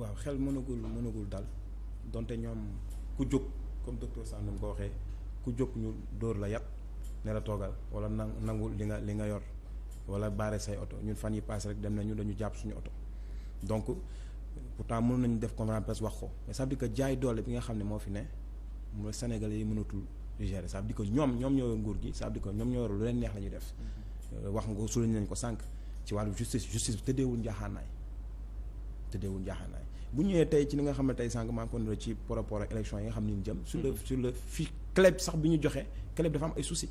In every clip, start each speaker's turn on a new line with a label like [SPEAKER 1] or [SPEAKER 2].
[SPEAKER 1] waaw xel mënagul mënagul daal donte ñoom ku jóg comme docteur mu ko waxee ku jóg ñu dóor la yàq ne la toogal wala nangu nangul li nga li nga yor wala baare say oto ñun fan yi paase rek dem nañu dañu jàpp suñu oto donc pourtant mën nañu def conférence presse wax ko mais ça veut dire jaay doole bi nga xam ne moo fi ne mooy Sénégalais yi mënatul gérer ça veut dire ñoom ñoom ñoo yor nguur gi ça veut ko ñoom ñoo yor lu leen neex la ñuy def mm-hmm. euh, wax nga ko souligné nañ ko sànq ci wàllu justice justice bi tëddeewul njaaxaanaay tëddeewul njaaxaanaay bu ñëwee tey ci li nga xam ne tey sànq maa ngi ko ci par rapport ak élection yi nga xam ne ñu jëm. sur le mm-hmm. sur le fi club sax bi ñu joxe club dafa am ay soucis.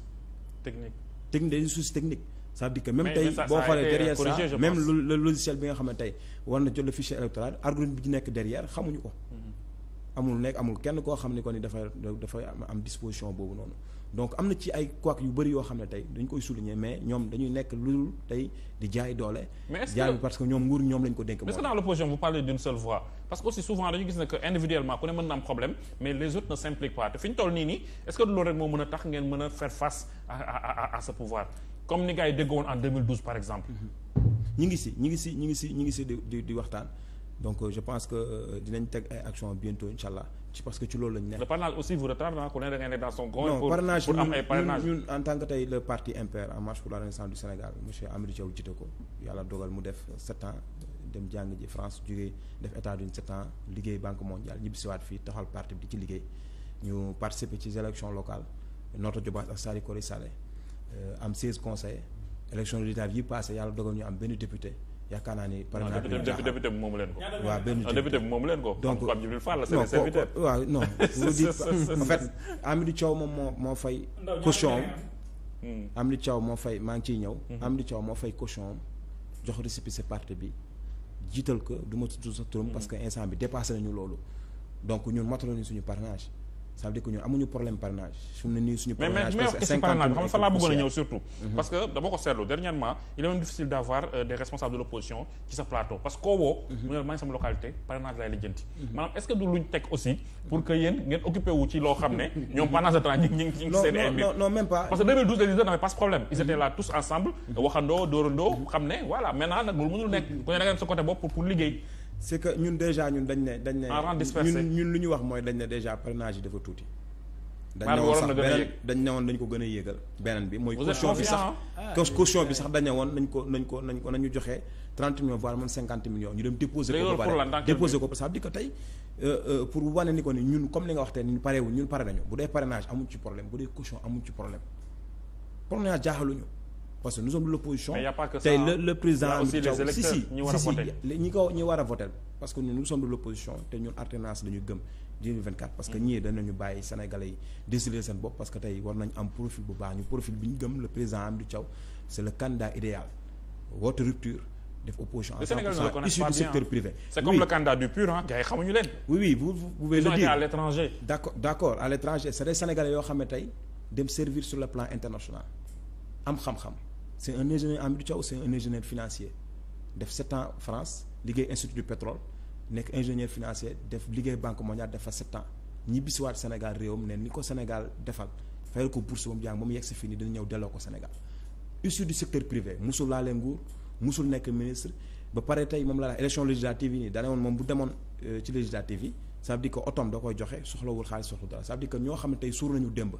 [SPEAKER 1] technique technique des soucis technique. tey boo xoolee derrière corrigé, ça même logiciel bi nga xam ne tey war na jot le fichier électoral algorithme bi ci nekk derrière xamuñu ko. Mm-hmm. amul nekk amul kenn koo xam ne ko ni dafa dafa am disposition boobu noonu. donc am na ci ay couac yu bëri yoo xam ne tey dañ koy souligner mais ñoom dañu nekk lu tey di jaay doole. jaay parce que ñoom nguur ñoom lañ ko dénk. mais est-ce que
[SPEAKER 2] dans l'opposition seule voix parce que aussi souvent dañu gis ne individuellement ku ne mën na am problème mais les autres ne s'impliquent pas fi ñu toll nii nii est-ce que loolu rek moo mën a tax ngeen mën a faire face à à pouvoir comme ni gars yi déggoon en par exemple. ñi ngi si ñi ngi si ñi ngi si ñi ngi si donc
[SPEAKER 1] euh, je pense que euh, dinañ teg ay action bientôt incha allah ci parce que ci loolu la ñu nekk. le
[SPEAKER 2] parrainage aussi vous pour
[SPEAKER 1] en tant que tey parti MPR en marche pour la renaissance du Sénégal monsieur Hamidou Thiaw ko yàlla dogal mu def sept ans dem jàng ji France jógee def États-Unis sept ans liggéey banque mondiale ñibbisiwaat fii taxal parti bi di ci liggéey ñu participer ci élections locales Notto Diobass ak Saly Kory Salé euh, am seize conseillers élection législatives yi passé yàlla dogal ñu am benn député. yaakaar naa ni par exemple député député bi moomu
[SPEAKER 2] leen ko. waaw benn député bi moomu leen ko. donc Pape Djibril Fall la seen serviteur waaw non. en fait
[SPEAKER 1] Hamidou Thiaw moom moo moo fay. caution am. Hamidou hmm. Thiaw moo fay maa ngi ciy ñëw. Hamidou hmm. Thiaw moo fay caution am jox récépissé parti bi jiital ko du ma tudd sa turam. Hmm. parce que instant bi dépassé nañu loolu. donc ñun mataloo nañu suñu parrainage. ça veut dire que ñun amuñu problème parrainage suñu ne nii suñu parrainage mais mais question parrainage bi xam nga fan laa bëggoon a ñëw surtout mhm. parce
[SPEAKER 2] que dama ko seetlu dernièrement il est même difficile d'avoir euh, des responsables de l'opposition ci sa plateau parce que koo woo mhm. mu ne maa ngi sama localité parrainage laay lijjanti mhm. maanaam est-ce que du luñ teg aussi pour que yéen ngeen occupé wu ci loo xam ne ñoom pendant ce temps ñi ngi ñi ngi ñi ngi seen ay mbir non même pas parce que 2012 dañu n'avait pas ce problème ils étaient là tous ensemble waxandoo dóorandoo xam ne voilà maintenant nag loolu mënul nekk ku ne da nga dem sa côté bopp pour pour liggéey c' est que
[SPEAKER 1] ñun déjà ñun dañ ne dañ ne. ñun ñun lu ñu wax mooy dañ ne déjà parrainage yi dafa tuuti. dañ ne woon sax beneen dañ ne woon dañ ko gën a yéegal beneen bi mooy caution bi sax caution bi sax dañ ne woon nañ ko nañ ko nañ ko nañu joxe trente millions voire même cinquante millions ñu dem déposer ko ba pare déposer ko parce que di ko tey euh, euh, pour wane ni ko ni ñun comme li nga wax te ñun parewuñ ñun pare nañu bu dee parrainage amuñ ci problème bu dee caution amuñ ci problème parrainage parce que nous sommes l'opposition tey le le président si si si ñi ko ñi war a voter parce que nous sommes de l'opposition te ñun alternance dañu gëm parce que mm. ñii danañu bàyyi sénégalais yi décider seen bopp parce que tey war nañ am profil bu baax ñu profil bi ñu gëm le président Amady Thiaw c'est le candidat idéal woote rupture def opposition en 100% issu du secteur privé c'est comme le candidat du PUR ah gars yi xamuñu leen oui oui vous vous pouvez le dire à l'étranger d'accord d'accord à l'étranger c'est des am xam c'est un ingénieur Hamidou Thiaw c'est un ingénieur financier def sept ans France liggéey institut du pétrole nekk ingénieur financier def liggéey banque mondiale def fa sept ans ñibbi si waat Sénégal réewam ne ni ko Sénégal defal fayal ko bourse ba mu jàng ba mu yegg si fii nii dina ñëw delloo ko Sénégal. issu du secteur privé musul laale nguur musul nekk ministre ba pare tey moom laa élection législative yi nii da woon moom bu demoon euh, ci législative yi ça veut dire que koy joxe soxla dara ça veut dire que ñoo xam ne tey suur nañu démb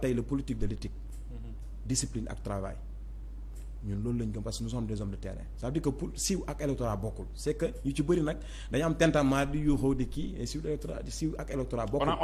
[SPEAKER 1] tey le politique de l'éthique discipline ak travail ñun loolu lañ gëm parce que nous sommes des hommes de terrain ça veut dire que pour siiw ak électorat bokkul c' que ñu ci bëri nag dañu am tentamment di yuuxoo di kii et siiw électorat siiw ak électorat bokkul